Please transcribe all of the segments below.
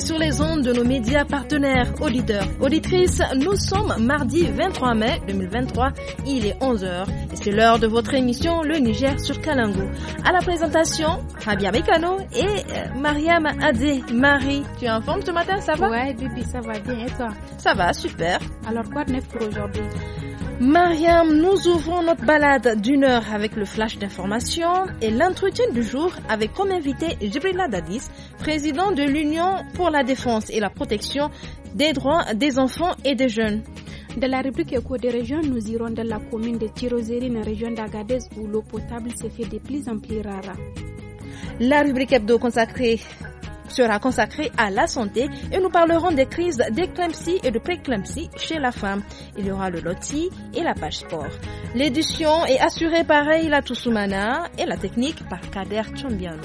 sur les ondes de nos médias partenaires. Auditeurs, auditrices, nous sommes mardi 23 mai 2023. Il est 11h et c'est l'heure de votre émission Le Niger sur Kalango. À la présentation, Rabia Mekano et euh, Mariam Adé. Marie, tu es en forme ce matin, ça va Ouais, bébé, ça va bien et toi Ça va, super. Alors quoi de neuf pour aujourd'hui Mariam, nous ouvrons notre balade d'une heure avec le flash d'information et l'entretien du jour avec comme invité Jibrila Dadis, président de l'Union pour la défense et la protection des droits des enfants et des jeunes. De la rubrique éco des régions, nous irons dans la commune de Tirozérine, région d'Agadez, où l'eau potable se fait de plus en plus rare. La rubrique hebdo consacrée sera consacré à la santé et nous parlerons des crises d'éclampsie et de préclampsie chez la femme. Il y aura le loti et la page sport. L'édition est assurée par Eila Toussoumana et la technique par Kader Chambiano.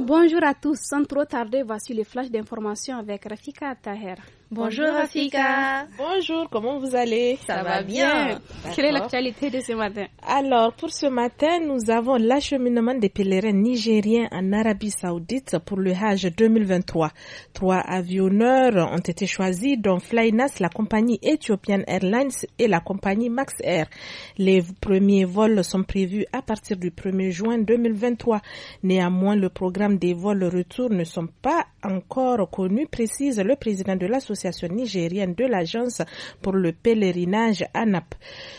Bonjour à tous, sans trop tarder, voici les flashs d'information avec Rafika Taher. Bonjour Afika Bonjour, comment vous allez Ça, va, bien. Quelle est l'actualité de ce matin Alors, pour ce matin, nous avons l'acheminement des pèlerins nigériens en Arabie Saoudite pour le Hajj 2023. Trois avionneurs ont été choisis, dont Flynas, la compagnie Ethiopian Airlines et la compagnie Max Air. Les premiers vols sont prévus à partir du 1er juin 2023. Néanmoins, le programme des vols retour ne sont pas encore connus, précise le président de l'association nigérienne de l'Agence pour le pèlerinage à NAP,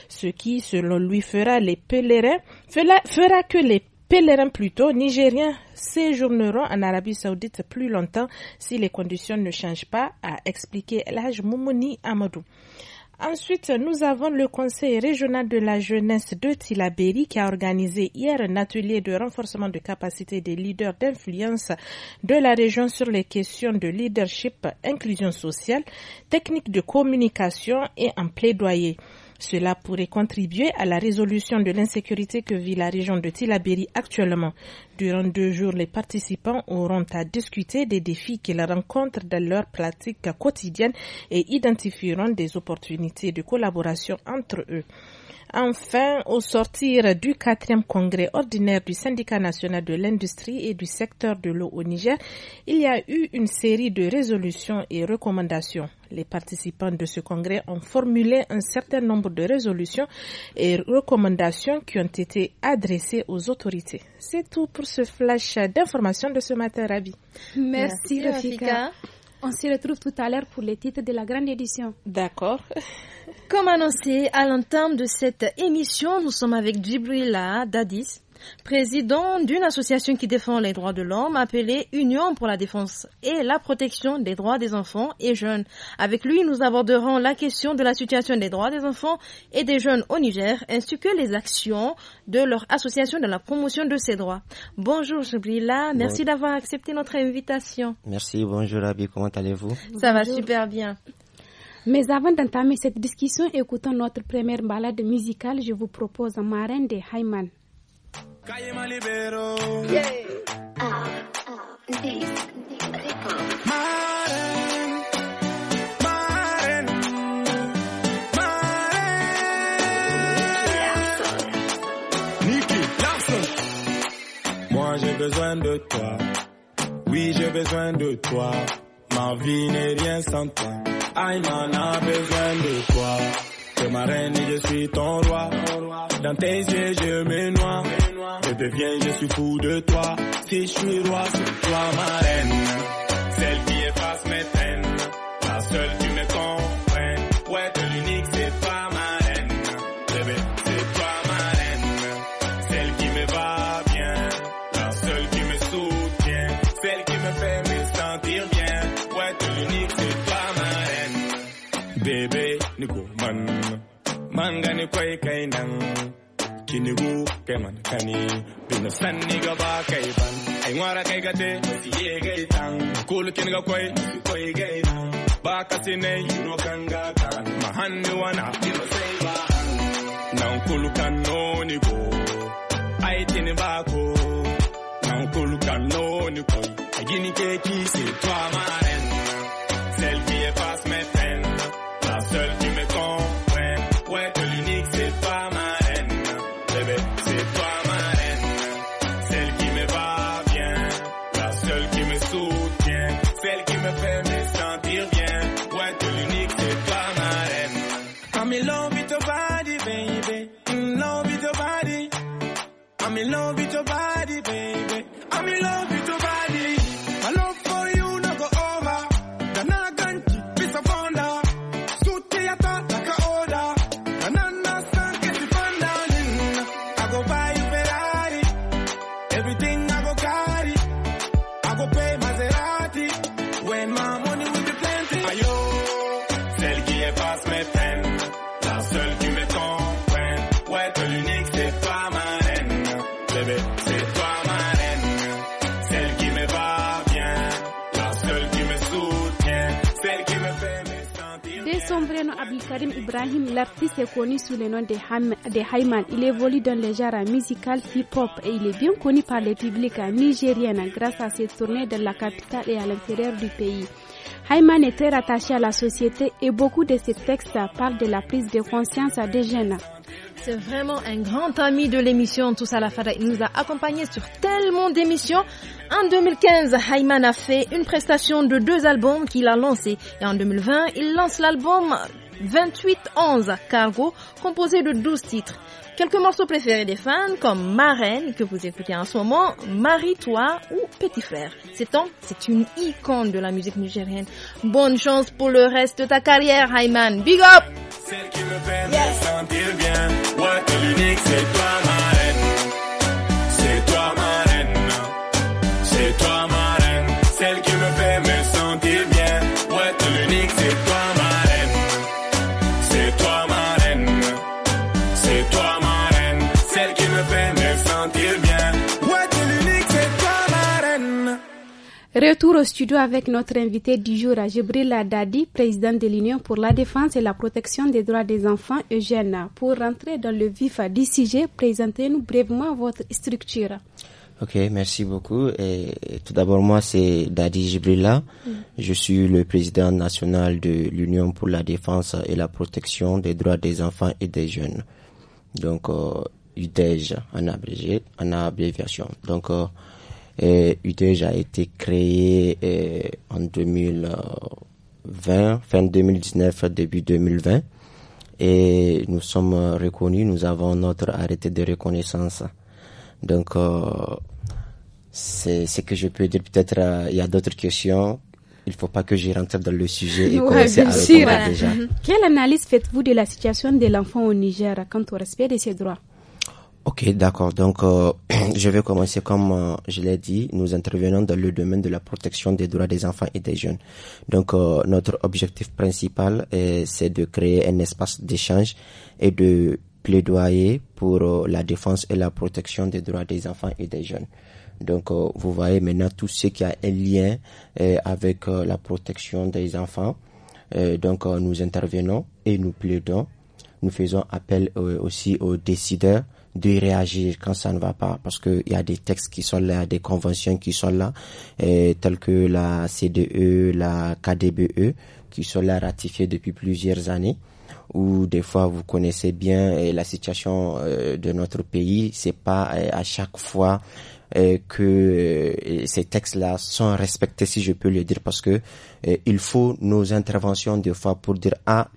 ce qui, selon lui, fera les pèlerins, fera que les pèlerins plutôt nigériens séjourneront en Arabie Saoudite plus longtemps si les conditions ne changent pas, a expliqué l'âge Moumouni Amadou. Ensuite, nous avons le Conseil régional de la jeunesse de Tilaberi qui a organisé hier un atelier de renforcement de capacité des leaders d'influence de la région sur les questions de leadership, inclusion sociale, techniques de communication et en plaidoyer. Cela pourrait contribuer à la résolution de l'insécurité que vit la région de Tilaberi actuellement. Durant deux jours, les participants auront à discuter des défis qu'ils rencontrent dans leur pratique quotidienne et identifieront des opportunités de collaboration entre eux. Enfin, au sortir du quatrième congrès ordinaire du syndicat national de l'industrie et du secteur de l'eau au Niger, il y a eu une série de résolutions et recommandations. Les participants de ce congrès ont formulé un certain nombre de résolutions et recommandations qui ont été adressées aux autorités. C'est tout pour ce flash d'information de ce matin, Ravi. Merci, Merci Rafika. On se retrouve tout à l'heure pour les titres de la grande édition. D'accord. Comme annoncé à l'entame de cette émission, nous sommes avec Djibrila Dadis, président d'une association qui défend les droits de l'homme appelée Union pour la défense et la protection des droits des enfants et jeunes. Avec lui, nous aborderons la question de la situation des droits des enfants et des jeunes au Niger, ainsi que les actions de leur association dans la promotion de ces droits. Bonjour Jibrila, merci d'avoir accepté notre invitation. Merci, bonjour Abby, comment allez-vous Ça va super bien. Mais avant d'entamer cette discussion, écoutons notre première balade musicale. Je vous propose marin de Hayman. Moi j'ai besoin de toi. Oui, j'ai besoin de toi. Ma vie n'est rien sans toi. Aïe m'en a besoin de toi. es ma reine, et je suis ton roi. Dans tes yeux, je me noie. Bébé, viens, je suis fou de toi. Si je suis roi, c'est toi ma reine. Celle qui efface mes peines. La seule man gani kwai kai kinigu kai man kani bin san ni gaba kai ban ai ngwara kai gate siye gai tan kul kin ga kwai kwai gai nan ba ka tine yuro kan ga kan mahanni wana biro sai ba nan kul kan no ni go ai tin ba ko nan kul kan no ni ko agini ke ki se to amare I'm in love with your body, baby. I'm in love with your body. Karim Ibrahim, l'artiste est connu sous le nom de, Ham, Hayman. Il évolue dans les genres musical hip-hop et il est bien connu par le public nigérien grâce à ses tournées dans la capitale et à l'intérieur du pays. Hayman est très rattaché à la société et beaucoup de ses textes parlent de la prise de conscience des jeunes. C'est vraiment un grand ami de l'émission Tous à la Fada. Il nous a accompagnés sur tellement d'émissions. En 2015, Hayman a fait une prestation de deux albums qu'il a lancés. Et en 2020, il lance l'album 28-11 Cargo, composé de 12 titres. Quelques morceaux préférés des fans comme Marraine, que vous écoutez en ce moment, Marie-toi ou Petit Frère. Cet homme, c'est une icône de la musique nigérienne. Bonne chance pour le reste de ta carrière, Hayman, Big up! Retour au studio avec notre invité du jour, Jibril Dadi, président de l'Union pour la défense et la protection des droits des enfants, et Jeunes. Pour rentrer dans le vif du sujet, présentez-nous brièvement votre structure. Ok, merci beaucoup. Et tout d'abord, moi, c'est Dadi Jibrilla. Mm. Je suis le président national de l'Union pour la défense et la protection des droits des enfants et des jeunes. Donc, euh, UDEJ, e, en abrégé, en abréviation. Donc, euh, et euh, UDEJ a été créé euh, en 2020, fin 2019, début 2020. Et nous sommes reconnus, nous avons notre arrêté de reconnaissance. Donc, euh, c'est ce que je peux dire. Peut-être il y a d'autres questions. Il ne faut pas que j'y rentre dans le sujet et commencer à déjà. Mhm. Quelle analyse faites-vous de la situation de l'enfant au Niger quant au respect de ses droits Ok, d'accord. Donc, euh, je vais commencer comme euh, je l'ai dit, nous intervenons dans le domaine de la protection des droits des enfants et des jeunes. Donc, euh, notre objectif principal, c'est de créer un espace d'échange et de plaidoyer pour la défense et la protection des droits des enfants et des jeunes. Donc, vous voyez maintenant tout ce qui a un lien avec la protection des enfants. donc, nous intervenons et nous plaidons. Nous faisons appel aussi aux décideurs de réagir quand ça ne va pas, parce il y a des textes qui sont là, des conventions qui sont là, et, euh, telles que la CDE, la KDBE, qui sont là ratifiées depuis plusieurs années où des fois vous connaissez bien euh, la situation euh, de notre pays, c'est pas à chaque fois que ces textes-là sont respectés, si je peux le dire, parce que il faut nos interventions des fois pour dire ah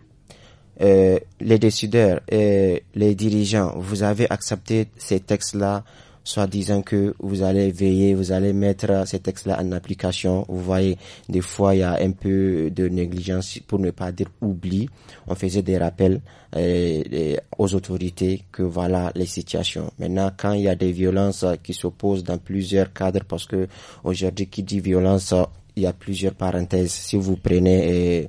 euh, les décideurs et les dirigeants, vous avez accepté ces textes-là, soit disant que vous allez veiller, vous allez mettre ces textes-là en application. Vous voyez, des fois, il y a un peu de négligence, pour ne pas dire oubli. On faisait des rappels euh, aux autorités que voilà les situations. Maintenant, quand il y a des violences qui s'opposent dans plusieurs cadres, parce que aujourd'hui, qui dit violence, il y a plusieurs parenthèses. Si vous prenez... Et, euh,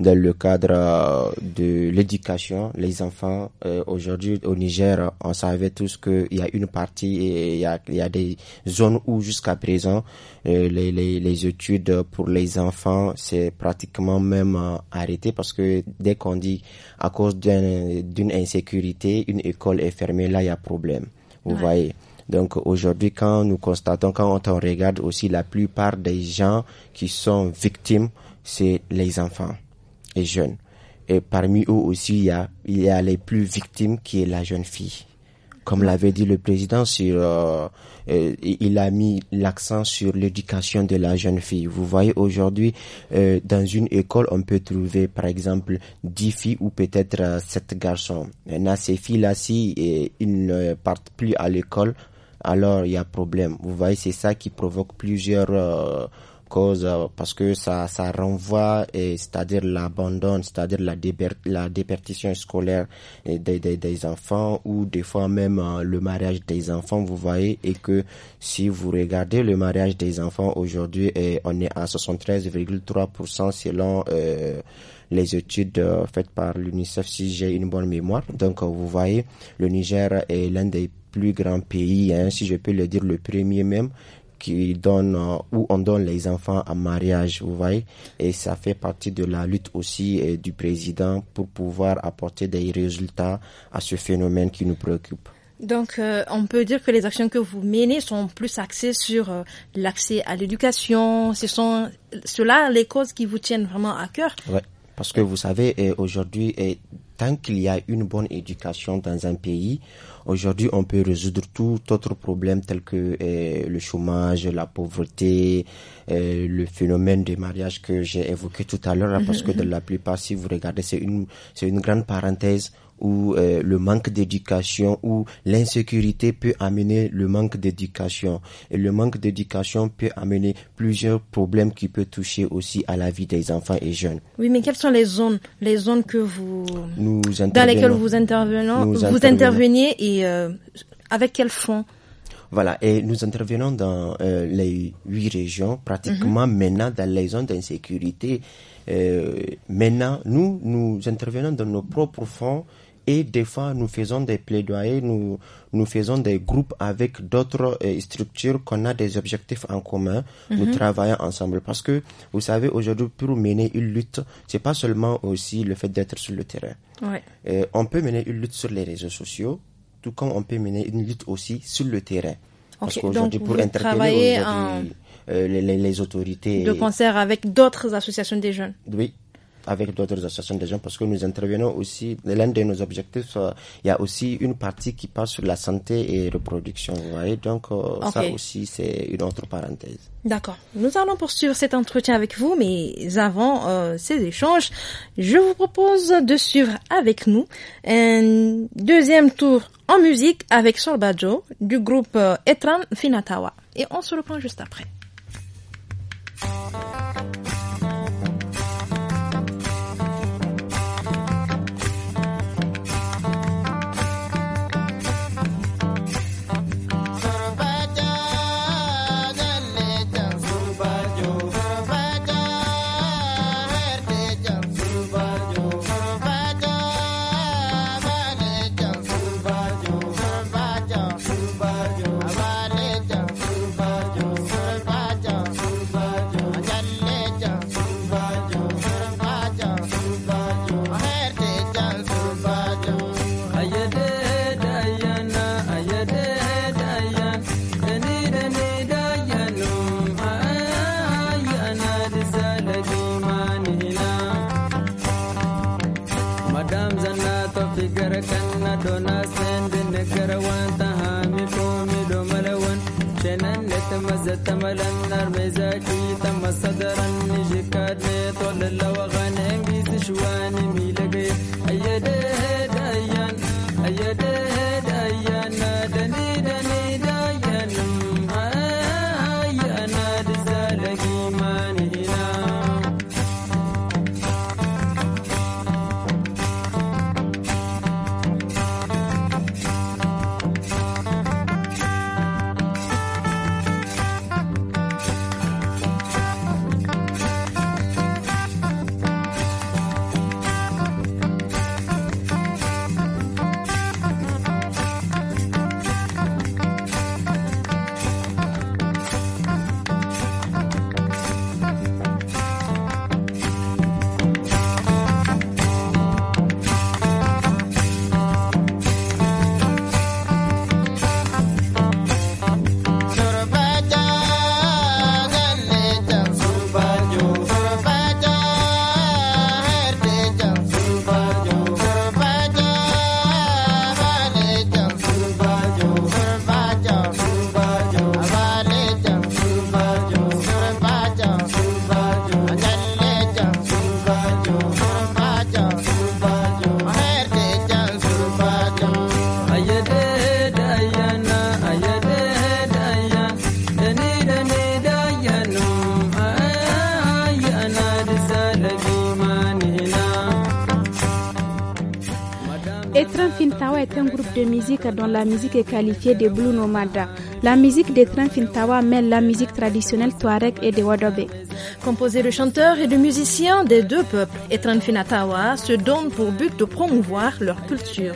dans le cadre euh, de l'éducation. Les enfants, euh, aujourd'hui au Niger, on savait tous qu'il y a une partie et il y a, des zones où jusqu'à présent, euh, les, les, les, études pour les enfants, c'est pratiquement même arrêté parce que dès qu'on dit à cause d'une insécurité, une école est fermée, là, il y a problème. Vous voyez donc aujourd'hui, quand nous constatons, quand on regarde aussi la plupart des gens qui sont victimes, c'est les enfants et jeune Et parmi eux aussi, il y a, il y a les plus victimes qui est la jeune fille. Comme l'avait dit le président, sur, euh, euh, il a mis l'accent sur l'éducation de la jeune fille. Vous voyez aujourd'hui, euh, dans une école, on peut trouver par exemple dix filles ou peut-être euh, sept garçons. Maintenant, ces filles-là, si et, ils ne partent plus à l'école, alors il y a problème. Vous voyez, c'est ça qui provoque plusieurs euh, cause euh, parce que ça, ça renvoie, c'est-à-dire l'abandon, c'est-à-dire la, la dépertition scolaire des, des, des, enfants ou des fois même euh, le mariage des enfants, vous voyez, et que si vous regardez le mariage des enfants aujourd'hui, on est à 73,3% selon... Euh, les études faites par l'UNICEF, si j'ai une bonne mémoire. Donc, vous voyez, le Niger est l'un des plus grands pays, hein, si je peux le dire, le premier même qui donne euh, où on donne les enfants à mariage, vous voyez. Et ça fait partie de la lutte aussi euh, du président pour pouvoir apporter des résultats à ce phénomène qui nous préoccupe. Donc, euh, on peut dire que les actions que vous menez sont plus axées sur l'accès à l'éducation. Ce sont cela les causes qui vous tiennent vraiment à cœur. Parce que vous savez, eh, aujourd'hui, eh, tant qu'il y a une bonne éducation dans un pays, aujourd'hui, on peut résoudre tout autre problème tel que eh, le chômage, la pauvreté, le phénomène des mariages que j'ai évoqué tout à l'heure, hein, parce que mhm, de mhm. la plupart, si vous regardez, c'est une, c'est une grande parenthèse ou euh, le manque d'éducation ou l'insécurité peut amener le manque d'éducation. Et le manque d'éducation peut amener plusieurs problèmes qui peuvent toucher aussi à la vie des enfants et jeunes. Oui, mais quelles sont les zones, les zones que vous, dans lesquelles vous intervenez, vous interveniez et euh, avec quel fonds? Voilà, et nous intervenons dans euh, les huit régions, pratiquement mhm. maintenant dans les zones d'insécurité. Euh, maintenant, nous, nous intervenons dans nos propres fonds et des fois nous faisons des plaidoyers, nous, nous faisons des groupes avec d'autres euh, structures qu'on a des objectifs en commun, nous mhm. travaillons ensemble. Parce que vous savez, aujourd'hui, pour mener une lutte, c'est pas seulement aussi le fait d'être sur le terrain. Euh, on peut mener une lutte sur les réseaux sociaux, tout comme on peut mener une lutte aussi sur le terrain. Parce qu'aujourd'hui, pour interpeller euh, les, les autorités. De concert avec d'autres associations des jeunes. Oui, avec d'autres associations des gens parce que nous intervenons aussi. L'un de nos objectifs, euh, il y a aussi une partie qui parle sur la santé et reproduction. Vous voyez, donc euh, ça aussi c'est une autre parenthèse. D'accord. Nous allons poursuivre cet entretien avec vous, mais avant euh, ces échanges, je vous propose de suivre avec nous un deuxième tour en musique avec Sorbajo du groupe Etran Finatawa. Et on se reprend juste après. ولا النار بذاتي تم صدرا la musique est qualifiée de Blue Nomada. La musique des trains mêle la musique traditionnelle Touareg et des Wadabe. Composée de chanteurs et de musiciens des deux peuples, Etran Finatawa se donne pour but de promouvoir leur culture,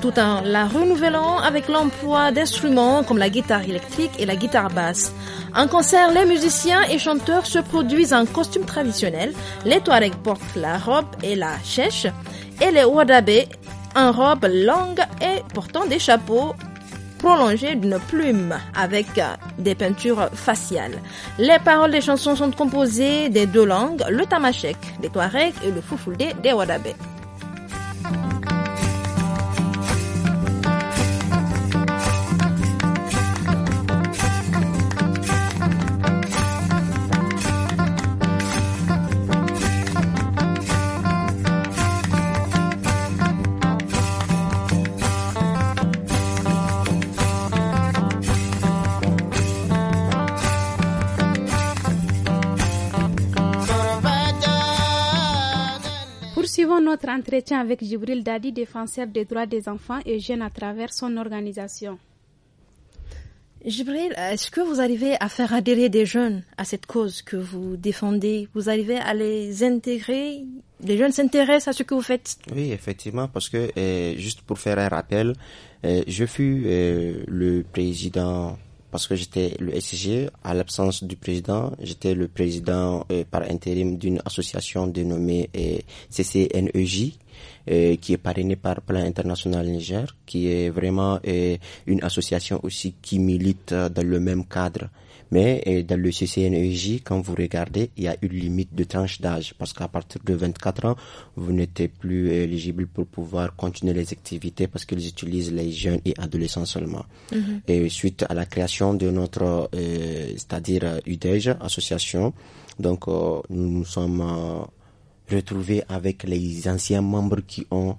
tout en la renouvelant avec l'emploi d'instruments comme la guitare électrique et la guitare basse. En concert, les musiciens et chanteurs se produisent en costume traditionnel, les Touareg portent la robe et la chèche, et les Wadabe en robe longue et portant des chapeaux prolongés d'une plume avec euh, des peintures faciales. Les paroles des chansons sont composées des deux langues, le tamashek des Touaregs et le foufoulé des Wadabés. notre entretien avec Jibril Dadi, défenseur des droits des enfants et jeunes à travers son organisation. Jibril, est-ce que vous arrivez à faire adhérer des jeunes à cette cause que vous défendez Vous arrivez à les intégrer Les jeunes s'intéressent à ce que vous faites Oui, effectivement, parce que, eh, juste pour faire un rappel, eh, je fus eh, le président parce que j'étais le SG à l'absence du président. J'étais le président euh, par intérim d'une association dénommée euh, CCNEJ. Euh, qui est parrainée par Plan International Niger, qui est vraiment une association aussi qui milite dans le même cadre mais euh, dans le CCNEJ, quand vous regardez, il y a une limite de tranche d'âge parce qu'à partir de 24 ans, vous n'êtes plus euh, éligible pour pouvoir continuer les activités parce qu'ils utilisent les jeunes et adolescents seulement. Mm-hmm. Et suite à la création de notre, euh, c'est-à-dire UDEJ, euh, association, donc nous nous sommes retrouvés avec les anciens membres qui ont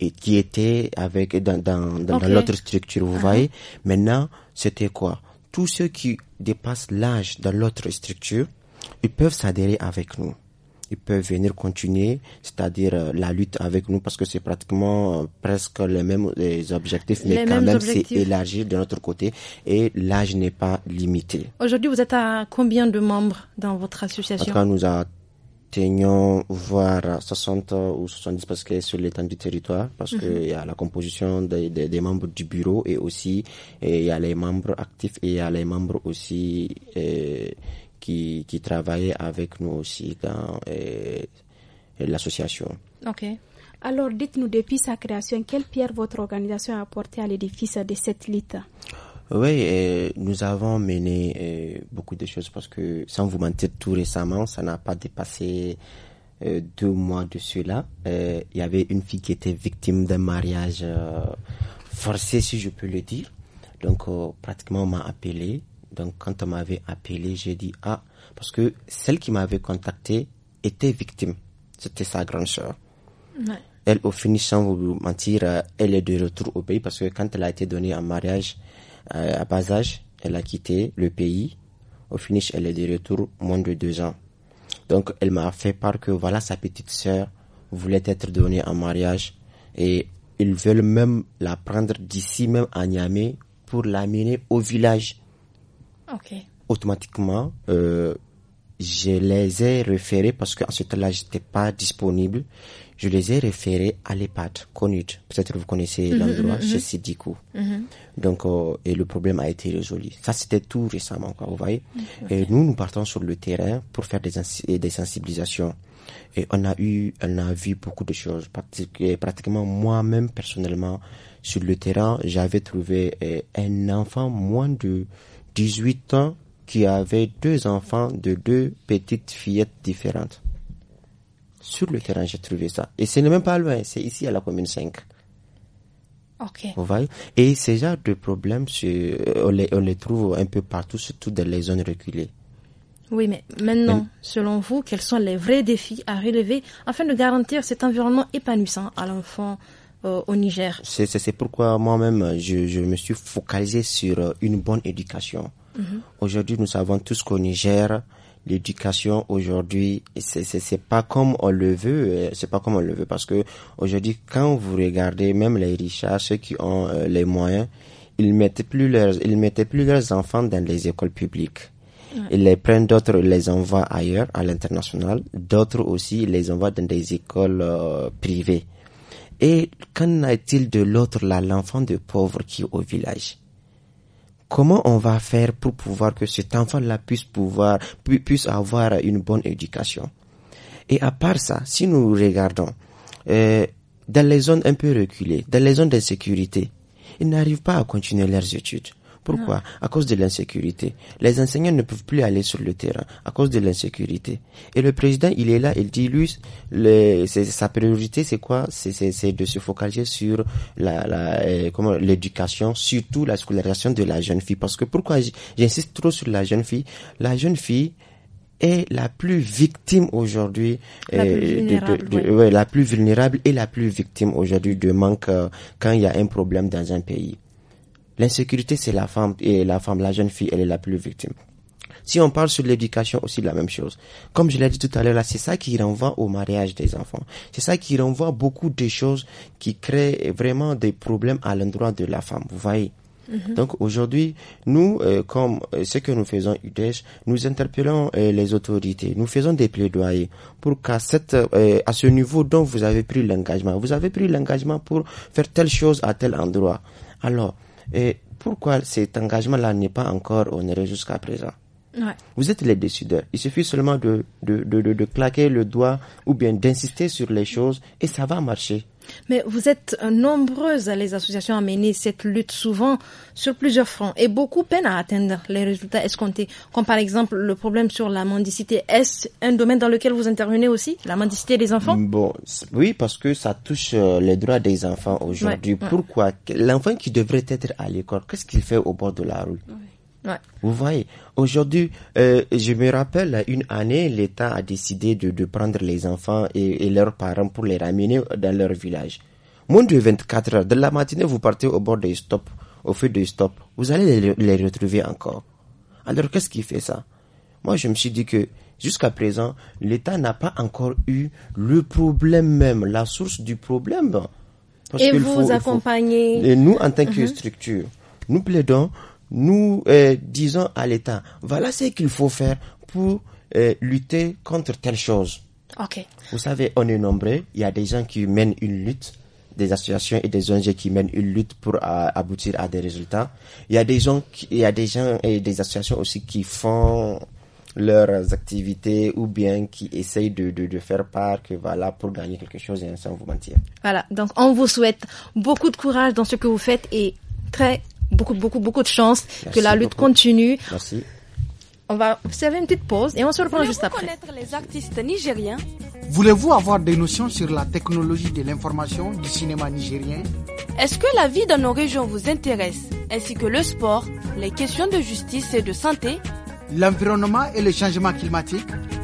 et qui étaient avec dans dans, dans, l'autre structure, vous uh-huh. voyez. Maintenant, c'était quoi tous ceux qui dépassent l'âge dans l'autre structure, ils peuvent s'adhérer avec nous. Ils peuvent venir continuer, c'est-à-dire euh, la lutte avec nous, parce que c'est pratiquement euh, presque les mêmes objectifs, mais quand même c'est élargi de notre côté et l'âge n'est pas limité. Aujourd'hui, vous êtes à combien de membres dans votre association atteignons voire 60 ou 70 parce que sur l'étendue du territoire, parce que mhm. il y a la composition des, des, membres du bureau et aussi il y a les membres actifs et il y a les membres aussi euh, qui, qui avec nous aussi dans euh, l'association. Ok. Alors dites-nous depuis sa création, quelle pierre votre organisation a apporté à l'édifice de cette lutte oui, nous avons mené euh, beaucoup de choses parce que, sans vous mentir, tout récemment, ça n'a pas dépassé euh, deux mois de cela. Euh, il y avait une fille qui était victime d'un mariage forcé, si je peux le dire. Donc, pratiquement, on m'a appelé. Donc, quand on m'avait appelé, j'ai dit ah, parce que celle qui m'avait contacté était victime. C'était sa grande sœur. Ouais. Elle, au finish, sans vous mentir, elle est de retour au pays parce que quand elle a été donnée en mariage, euh, à bas âge, elle a quitté le pays. Au finish, elle est de retour moins de deux ans. Donc, elle m'a fait part que voilà, sa petite sœur voulait être donnée en mariage et ils veulent même la prendre d'ici même à Niamey pour l'amener au village. Ok. Automatiquement, euh, je les ai référés parce qu'en ce temps-là, j'étais pas disponible je les ai référés à l'EHPAD, Conut. Peut-être que vous connaissez mhm, l'endroit mhm, chez mhm. Donc, euh, et le problème a été résolu. Ça, c'était tout récemment, quoi, vous voyez. Et nous, nous partons sur le terrain pour faire des, des sensibilisations. Et on a eu, on a vu beaucoup de choses. Pratiquement, moi-même, personnellement, sur le terrain, j'avais trouvé eh, un enfant moins de 18 ans qui avait deux enfants de deux petites fillettes différentes. Sur le terrain, j'ai trouvé ça. Et ce n'est même pas loin, c'est ici à la commune 5. OK. Vous Et ces genres de problèmes, euh, on les, trouve un peu partout, surtout dans les zones reculées. Oui, mais maintenant, selon vous, quels sont les vrais défis à relever afin de garantir cet environnement épanouissant à l'enfant euh, au Niger C'est pourquoi moi-même, je, me suis focalisé sur euh, une bonne éducation. Mhm. Aujourd'hui, nous savons tous qu'au Niger, l'éducation aujourd'hui, c'est c'est pas comme on le veut, euh, c'est pas comme on le veut parce que aujourd'hui quand vous regardez même les riches, ceux qui ont euh, les moyens, ils mettent plus leurs ils mettaient plus leurs enfants dans les écoles publiques. Ils les prennent d'autres, les envoient ailleurs, à l'international. D'autres aussi, les envoient dans des écoles euh, privées. Et qu'en a-t-il de l'autre là, l'enfant de pauvre qui est au village comment on va faire pour pouvoir que cet enfant-là puisse pouvoir, puisse avoir une bonne éducation. Et à part ça, si nous regardons, euh, dans les zones un peu reculées, dans les zones d'insécurité, ils n'arrivent pas à continuer leurs études. Pourquoi ah. À cause de l'insécurité. Les enseignants ne peuvent plus aller sur le terrain à cause de l'insécurité. Et le président, il est là, il dit lui, sa priorité, c'est quoi C'est de se focaliser sur la, euh, comment l'éducation, surtout la scolarisation de la jeune fille. Parce que pourquoi j'insiste trop sur la jeune fille La jeune fille, est la plus victime aujourd'hui, la, euh, la plus vulnérable et la plus victime aujourd'hui de manque euh, quand il y a un problème dans un pays. L'insécurité, c'est la femme et la femme, la jeune fille, elle est la plus victime. Si on parle sur l'éducation aussi, la même chose. Comme je l'ai dit tout à l'heure, là, c'est ça qui renvoie au mariage des enfants. C'est ça qui renvoie beaucoup de choses qui créent vraiment des problèmes à l'endroit de la femme. Vous voyez? Mhm. Donc aujourd'hui, nous, euh, comme euh, ce que nous faisons UDESH, nous interpellons euh, les autorités, nous faisons des plaidoyers pour qu'à à ce niveau dont vous avez pris l'engagement, vous avez pris l'engagement pour faire telle chose à tel endroit. Alors, et pourquoi cet engagement-là n'est pas encore honoré jusqu'à présent Vous êtes les décideurs. Il suffit seulement de, de, de claquer le doigt ou bien d'insister sur les choses et ça va marcher. Mais vous êtes nombreuses les associations à mener cette lutte souvent sur plusieurs fronts et beaucoup peinent à atteindre les résultats escomptés, comme par exemple le problème sur la mendicité. Est-ce un domaine dans lequel vous intervenez aussi, la mendicité des enfants Bon, oui, parce que ça touche euh, les droits des enfants aujourd'hui. Pourquoi L'enfant qui devrait être à l'école, qu'est-ce qu'il fait au bord de la rue vous voyez, aujourd'hui, euh, je me rappelle, une année, l'État a décidé de, de, prendre les enfants et, et, leurs parents pour les ramener dans leur village. Moins de 24 heures, de la matinée, vous partez au bord des stops, au feu des stops, vous allez les, les retrouver encore. Alors qu'est-ce qui fait ça Moi, je me suis dit que jusqu'à présent, l'État n'a pas encore eu le problème même, la source du problème. et vous accompagnez. Et nous, en tant que mhm. structure, nous plaidons nous euh, disons à l'État, voilà ce qu'il faut faire pour euh, lutter contre telle chose. Ok. Vous savez, on est nombreux, il y a des gens qui mènent une lutte, des associations et des ONG qui mènent une lutte pour euh, aboutir à des résultats. Il y a des gens, il y a des gens et des associations aussi qui font leurs activités ou bien qui essayent de, de, faire part que voilà pour gagner quelque chose et sans vous mentir. Voilà, donc on vous souhaite beaucoup de courage dans ce que vous faites et très beaucoup, beaucoup, beaucoup de chance, que la lutte continue. Merci. On va observer une petite pause et on se reprend juste après. connaître les artistes nigériens Voulez-vous avoir des notions sur la technologie de l'information du cinéma nigérien Est-ce que la vie dans nos régions vous intéresse, ainsi que le sport, les questions de justice et de santé L'environnement et le changement climatique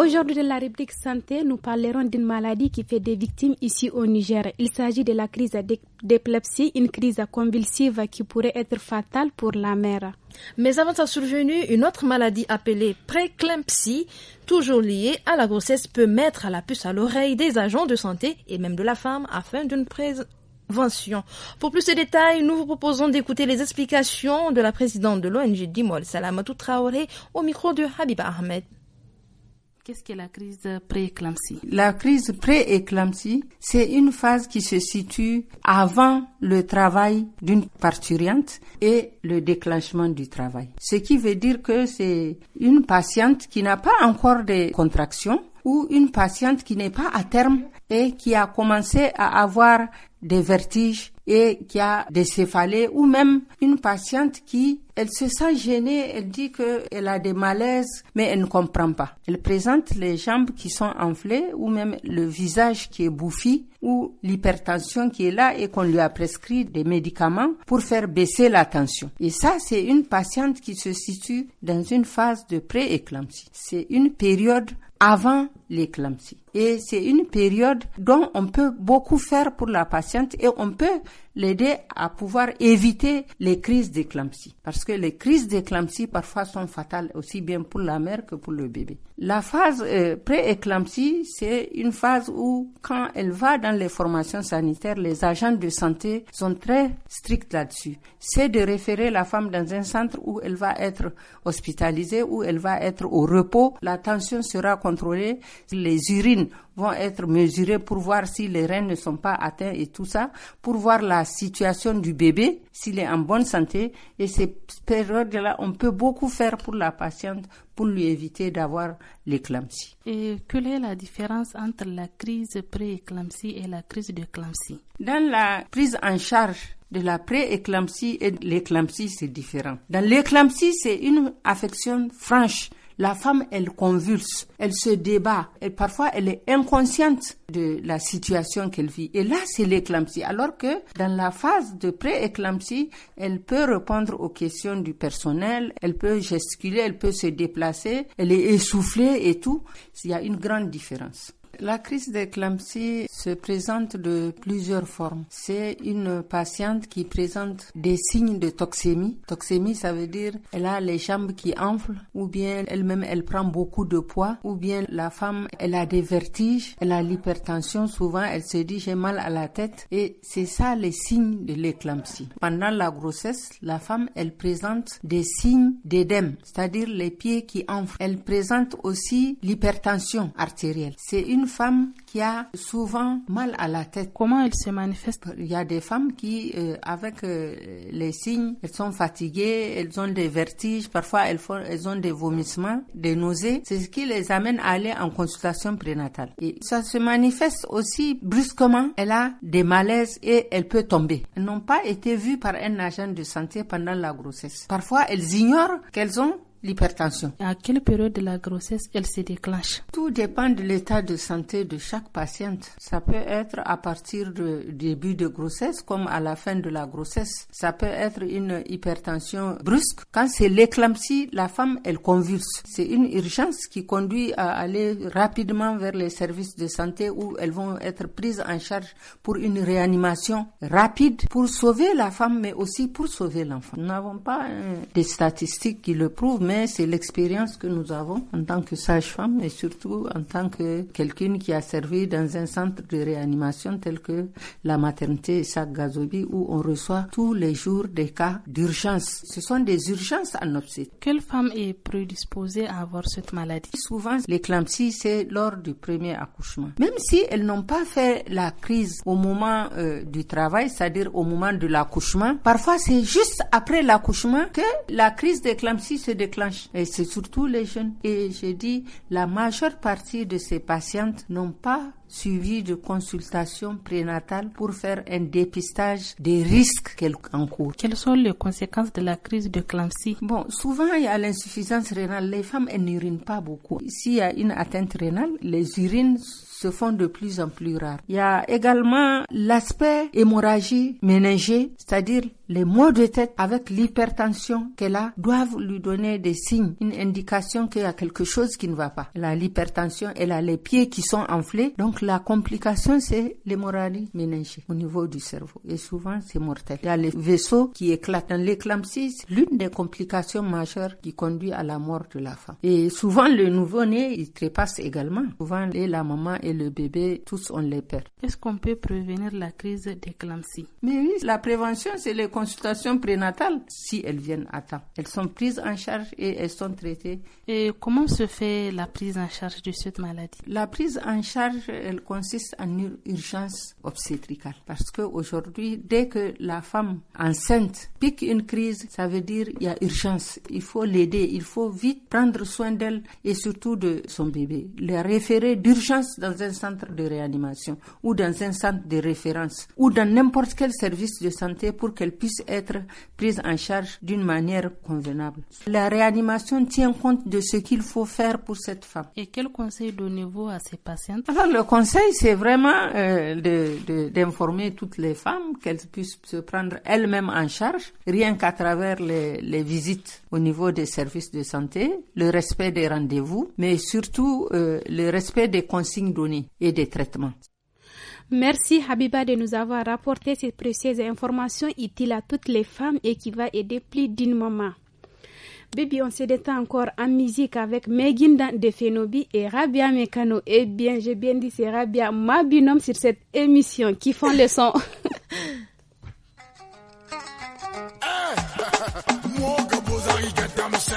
Aujourd'hui, de la république santé, nous parlerons d'une maladie qui fait des victimes ici au Niger. Il s'agit de la crise d'épilepsie, une crise convulsive qui pourrait être fatale pour la mère. Mais avant sa survenue, une autre maladie appelée préclampsie, toujours liée à la grossesse, peut mettre à la puce à l'oreille des agents de santé et même de la femme afin d'une prévention. pour plus de détails, nous vous proposons d'écouter les explications de la présidente de l'ONG Dimol Salamatou Traoré au micro de Habib Ahmed. Qu'est-ce que la crise prééclampsie La crise prééclampsie, c'est une phase qui se situe avant le travail d'une parturiente et le déclenchement du travail. Ce qui veut dire que c'est une patiente qui n'a pas encore de contractions ou une patiente qui n'est pas à terme et qui a commencé à avoir des vertiges et qui a des céphalées ou même une patiente qui elle se sent gênée, elle dit qu'elle a des malaises, mais elle ne comprend pas. Elle présente les jambes qui sont enflées ou même le visage qui est bouffi ou l'hypertension qui est là et qu'on lui a prescrit des médicaments pour faire baisser la tension. Et ça, c'est une patiente qui se situe dans une phase de pré-éclampsie. C'est une période avant l'éclampsie. Et c'est une période dont on peut beaucoup faire pour la patiente et on peut l'aider à pouvoir éviter les crises d'éclampsie. Parce que les crises d'éclampsie parfois sont fatales aussi bien pour la mère que pour le bébé. La phase euh, pré-éclampsie, c'est une phase où quand elle va dans les formations sanitaires, les agents de santé sont très stricts là-dessus. C'est de référer la femme dans un centre où elle va être hospitalisée, où elle va être au repos. La tension sera contrôlée, les urines vont être mesurées pour voir si les reins ne sont pas atteints et tout ça, pour voir la situation du bébé, s'il est en bonne santé. Et ces périodes-là, on peut beaucoup faire pour la patiente pour lui éviter d'avoir l'éclampsie. Et quelle est la différence entre la crise pré-éclampsie et la crise d'éclampsie Dans la prise en charge de la pré-éclampsie et de l'éclampsie, c'est différent. Dans l'éclampsie, c'est une affection franche la femme, elle convulse, elle se débat, et parfois elle est inconsciente de la situation qu'elle vit. Et là, c'est l'éclampsie. Alors que dans la phase de pré-éclampsie, elle peut répondre aux questions du personnel, elle peut gesticuler, elle peut se déplacer, elle est essoufflée et tout. Il y a une grande différence. La crise d'éclampsie se présente de plusieurs formes. C'est une patiente qui présente des signes de toxémie. Toxémie, ça veut dire elle a les jambes qui enflent, ou bien elle-même elle prend beaucoup de poids, ou bien la femme elle a des vertiges, elle a l'hypertension. Souvent elle se dit j'ai mal à la tête et c'est ça les signes de l'éclampsie. Pendant la grossesse, la femme elle présente des signes d'édème, c'est-à-dire les pieds qui enflent. Elle présente aussi l'hypertension artérielle. C'est une femme qui a souvent mal à la tête. Comment elle se manifeste Il y a des femmes qui, euh, avec euh, les signes, elles sont fatiguées, elles ont des vertiges, parfois elles, font, elles ont des vomissements, des nausées. C'est ce qui les amène à aller en consultation prénatale. Et ça se manifeste aussi brusquement. Elle a des malaises et elle peut tomber. Elles n'ont pas été vues par un agent de santé pendant la grossesse. Parfois, elles ignorent qu'elles ont l'hypertension. À quelle période de la grossesse elle se déclenche Tout dépend de l'état de santé de chaque patiente. Ça peut être à partir du début de grossesse comme à la fin de la grossesse. Ça peut être une hypertension brusque. Quand c'est l'éclampsie, la femme, elle convulse. C'est une urgence qui conduit à aller rapidement vers les services de santé où elles vont être prises en charge pour une réanimation rapide pour sauver la femme mais aussi pour sauver l'enfant. Nous n'avons pas euh, des statistiques qui le prouvent mais c'est l'expérience que nous avons en tant que sage-femme et surtout en tant que quelqu'une qui a servi dans un centre de réanimation tel que la maternité sac Gazobi où on reçoit tous les jours des cas d'urgence. Ce sont des urgences en Quelle femme est prédisposée à avoir cette maladie Souvent, l'éclampsie, c'est lors du premier accouchement. Même si elles n'ont pas fait la crise au moment euh, du travail, c'est-à-dire au moment de l'accouchement, parfois c'est juste après l'accouchement que la crise d'éclampsie se déclenche et c'est surtout les jeunes. Et je dis, la majeure partie de ces patientes n'ont pas suivi de consultation prénatale pour faire un dépistage des risques qu'elles encourent. Quelles sont les conséquences de la crise de Clancy Bon, souvent il y a l'insuffisance rénale. Les femmes, elles n'urinent pas beaucoup. S'il y a une atteinte rénale, les urines se font de plus en plus rares. Il y a également l'aspect hémorragie ménagée, c'est-à-dire les maux de tête avec l'hypertension qu'elle a doivent lui donner des signes, une indication qu'il y a quelque chose qui ne va pas. Elle a l'hypertension, elle a les pieds qui sont enflés. Donc la complication, c'est l'hémorragie ménagée au niveau du cerveau. Et souvent, c'est mortel. Il y a les vaisseaux qui éclatent. Dans l'éclampsie, l'une des complications majeures qui conduit à la mort de la femme. Et souvent, le nouveau-né, il trépasse également. Souvent, la maman et le bébé, tous on les perd. Est-ce qu'on peut prévenir la crise d'éclampsie Mais oui, la prévention, c'est les consultations prénatales, si elles viennent à temps. Elles sont prises en charge et elles sont traitées. Et comment se fait la prise en charge de cette maladie La prise en charge, elle consiste en une urgence obstétricale. Parce qu'aujourd'hui, dès que la femme enceinte pique une crise, ça veut dire il y a urgence. Il faut l'aider, il faut vite prendre soin d'elle et surtout de son bébé. Le référer d'urgence dans dans un centre de réanimation ou dans un centre de référence ou dans n'importe quel service de santé pour qu'elle puisse être prise en charge d'une manière convenable. La réanimation tient compte de ce qu'il faut faire pour cette femme. Et quel conseil donnez-vous à ces patientes Alors, le conseil, c'est vraiment euh, d'informer toutes les femmes qu'elles puissent se prendre elles-mêmes en charge, rien qu'à travers les, les visites au niveau des services de santé, le respect des rendez-vous, mais surtout euh, le respect des consignes données et des traitements. Merci Habiba de nous avoir rapporté ces précieuses informations utiles à toutes les femmes et qui va aider plus d'une maman. Baby, on se détend encore en musique avec Meginda de Fenobi et Rabia Mekano. Eh bien, j'ai bien dit, c'est Rabia, ma binôme sur cette émission qui font le son.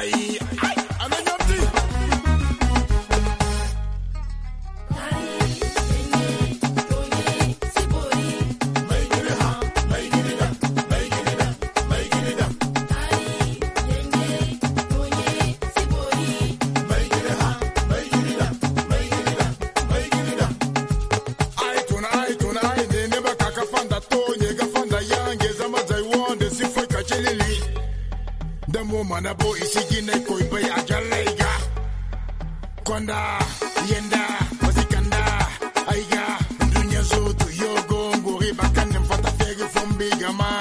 Eh! mo mana bo isigine koimbe ajaleiga kwanda yenda wazikanda aiga dunia zote yogo ngori bakande mfata fege fombiga maa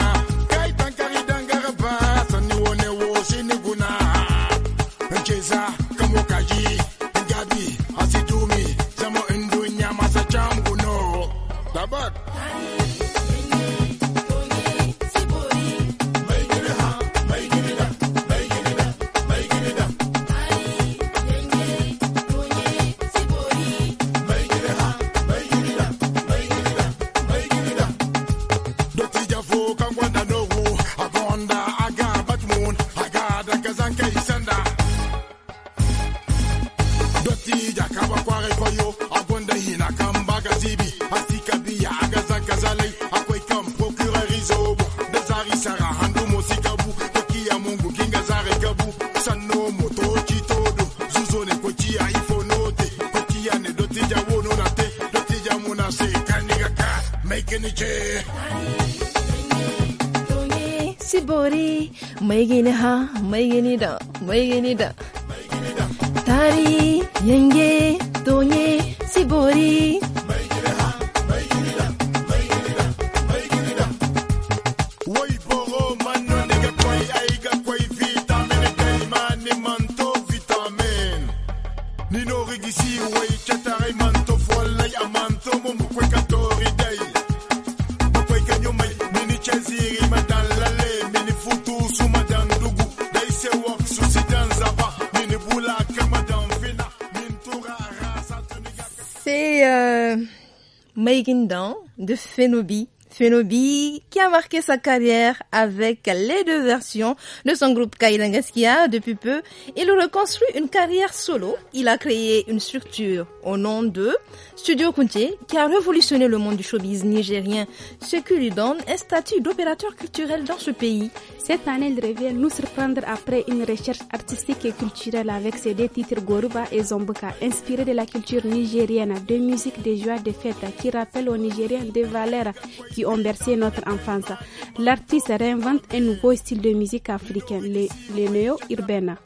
de Fenobi. Fenobi qui a marqué sa carrière avec les deux versions de son groupe Kailangaskia depuis peu. Il reconstruit une carrière solo. Il a créé une structure au nom de Studio Kunti qui a révolutionné le monde du showbiz nigérien, ce qui lui donne un statut d'opérateur culturel dans ce pays. Cette année, il revient nous surprendre après une recherche artistique et culturelle avec ses deux titres Goruba et Zomboka, inspirés de la culture nigérienne, de musique des joies, de fête qui rappellent aux Nigériens des valeurs qui ont bercé notre enfance. L'artiste réinvente un nouveau style de musique africaine africains, les, néo-urbaines.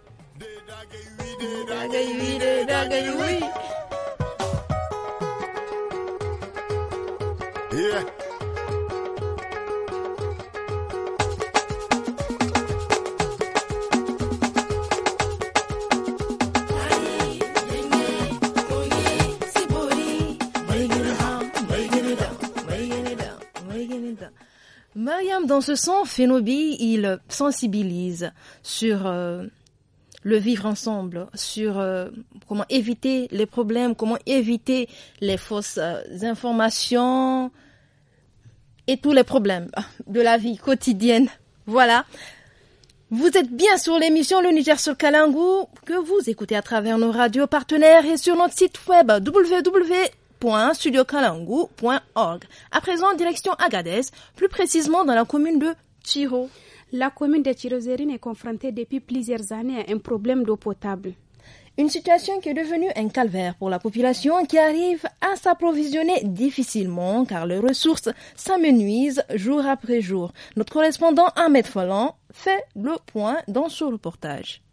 Yeah. Mariam, dans ce sens, Fenobi, il sensibilise sur euh, le vivre ensemble, sur euh, comment éviter les problèmes, comment éviter les fausses euh, informations et tous les problèmes de la vie quotidienne. Voilà. Vous êtes bien sur l'émission Le Niger sur Kalangu que vous écoutez à travers nos radios partenaires et sur notre site web www www.studiokalangu.org. À présent, direction Agadez, plus précisément dans la commune de Tiro. La commune de Tirozérine est confrontée depuis plusieurs années à un problème d'eau potable. Une situation qui est devenue un calvaire pour la population qui arrive à s'approvisionner difficilement car les ressources s'amenuisent jour après jour. Notre correspondant Ahmed Follan fait le point dans ce reportage.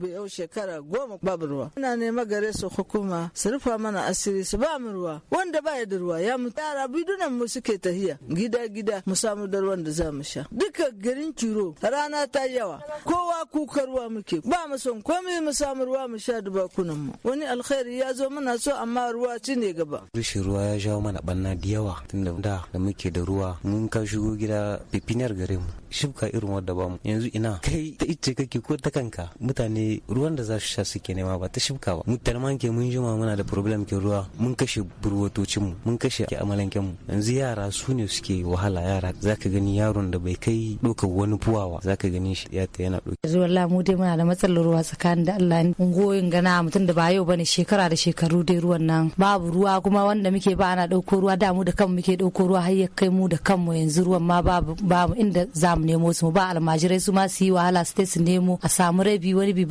yau shekara goma babu ruwa ina nema gare su hukuma su rufa mana asiri su ba mu ruwa wanda ba ya da ruwa ya mu yara bidunan mu suke tahiya gida gida mu samu da ruwan da za mu sha duka garin ciro rana ta yawa kowa kuka ruwa muke ba mu son komai mu samu ruwa mu sha da bakunan mu wani alkhairi ya zo muna so amma ruwa ci ne gaba rashin ruwa ya jawo mana banna da yawa tunda da da muke da ruwa mun ka shigo gida pipinar garin mu shibka irin wadda ba mu yanzu ina kai ta ice kake ko ta kanka mutane ne ruwan da za su sha suke nema ba ta shibka ba mu talman ke mun jima muna da problem ke ruwa mun kashe burwatocin mu mun kashe amalan mu yanzu yara su ne suke wahala yara zaka gani yaron da bai kai doka wani puwawa zaka gani shi ya ta yana ɗauke yanzu wallahi mu dai muna da matsalar ruwa tsakanin da Allah ungoyin gana mutum da ba yau bane shekara da shekaru dai ruwan nan babu ruwa kuma wanda muke ba ana ɗauko ruwa da mu da kanmu muke ɗauko ruwa har ya kai mu da kanmu yanzu ruwan ma babu babu inda za mu nemo su ba almajirai su ma su yi wahala su su nemo a samu rabi wani bi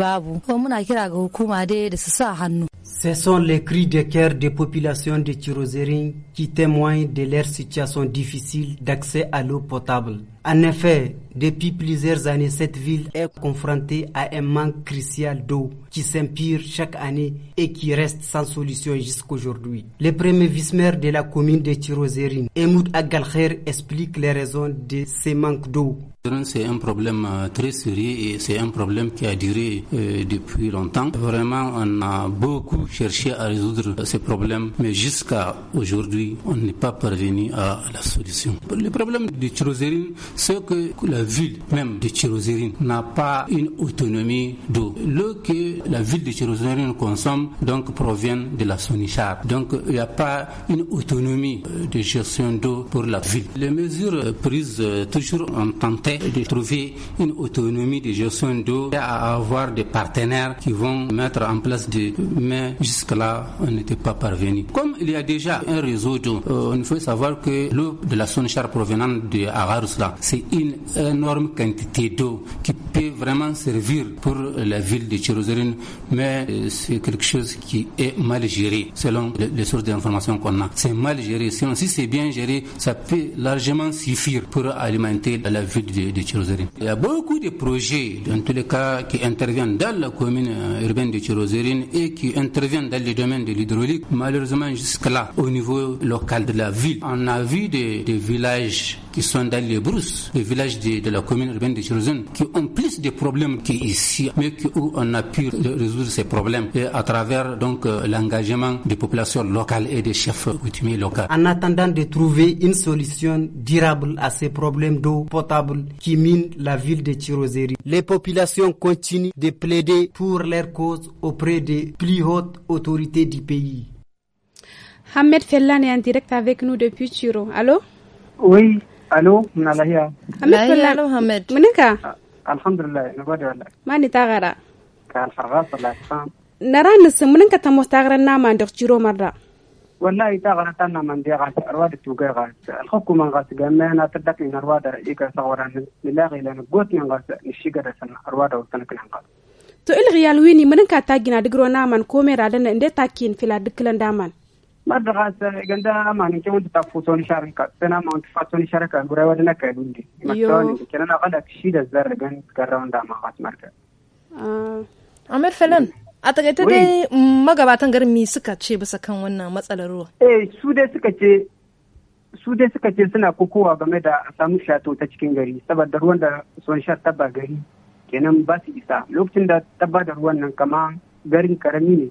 Ce sont les cris de cœur des populations de Chirozérine qui témoignent de leur situation difficile d'accès à l'eau potable. En effet, depuis plusieurs années, cette ville est confrontée à un manque crucial d'eau qui s'empire chaque année et qui reste sans solution jusqu'aujourd'hui. Le premier vice-maire de la commune de Tirozérine, Emoud Agalher, explique les raisons de ce manque d'eau. C'est un problème euh, très sérieux et c'est un problème qui a duré euh, depuis longtemps. Vraiment, on a beaucoup cherché à résoudre euh, ce problème, mais jusqu'à aujourd'hui, on n'est pas parvenu à la solution. Le problème de Tirozérine, ce que la ville même de Chirozérine n'a pas une autonomie d'eau. L'eau que la ville de Chirozérine consomme donc provient de la Sonichar. Donc il n'y a pas une autonomie euh, de gestion d'eau pour la ville. Les mesures euh, prises euh, toujours ont tenté de trouver une autonomie de gestion d'eau et à avoir des partenaires qui vont mettre en place des... Mais jusque-là, on n'était pas parvenu. Comme il y a déjà un réseau d'eau, on il faut savoir que l'eau de la Sonichar provenant de Agarusla c'est une énorme quantité d'eau qui peut vraiment servir pour la ville de Jérusalem, mais euh, c'est quelque chose qui est mal géré selon les sources d'informations qu'on a. C'est mal géré. si c'est bien géré, ça peut largement suffire pour alimenter la ville de, de Il y a beaucoup de projets, dans tous les cas, qui interviennent dans la commune euh, urbaine de Jérusalem et qui interviennent dans le domaine de l'hydraulique. Malheureusement, jusque-là, au niveau local de la ville, on a vu des, des villages qui sont dans les brousses, le village de, la commune urbaine de Tirozène, qui ont plus de problèmes qu'ici, mais où on a pu résoudre ces problèmes à travers donc euh, l'engagement des populations locales et des chefs coutumiers locaux. En attendant de trouver une solution durable à ces problèmes d'eau potable qui minent la ville de Tirozéry, les populations continuent de plaider pour leur cause auprès des plus hautes autorités du pays. Ahmed Fellan est en direct avec nous depuis Chiro. Allô? Oui. الو من على هي الو حمد منك الحمد لله نبادي والله ماني تاغرا كان فرغاص الله يفهم نرى نس منك تموس تاغرا نام عندك جيرو مرة والله تاغرا تانا من دي غاس ارواد توقي غاس الخوك من غاس قامنا تدك من ارواد ايكا صورا نلاغي لان قوت من غاس نشيقر سن ارواد وسنك الحنقاض تو الغيال ويني منك تاقنا دقرو نامان كوميرا لان اندي تاكين فيلا دكلا دامان madrasa ganda manin ke wanda ta fuso ni sharika sana ma wanda fato ni sharika gurai wadda na kai dunde matoni ke na kada shi da zargan garrawan da ma wasu marka ah. amir falan a takaita dai magabatan garin mi suka ce bisa kan wannan matsalar ruwa eh su dai suka ce su dai suka ce suna kokowa game da a samu shato ta cikin gari saboda ruwan da son sha taba gari kenan ba su isa lokacin da taba da ruwan nan kama garin karami ne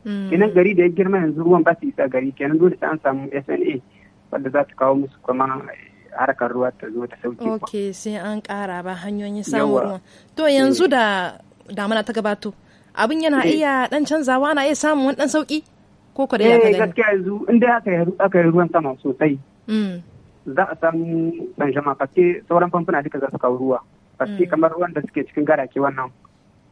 Hmm. kenan gari da ya girma yanzu ruwan ba su isa gari kenan dole sai an samu SNA wadda za ta kawo musu kuma harkar ruwa ta zo ta sauke ok sai an kara ba hanyoyin samun ruwa to yanzu eh. da damana ta gabato abin yana eh. iya dan canzawa na iya samun wani dan sauki ko ko da ya eh, gani gaskiya yanzu in dai aka yi aka yi ruwan sama sosai hmm. za a samu dan jama'a fate sauran famfuna duka za su kawo ruwa fate hmm. kamar ruwan da suke cikin garake wannan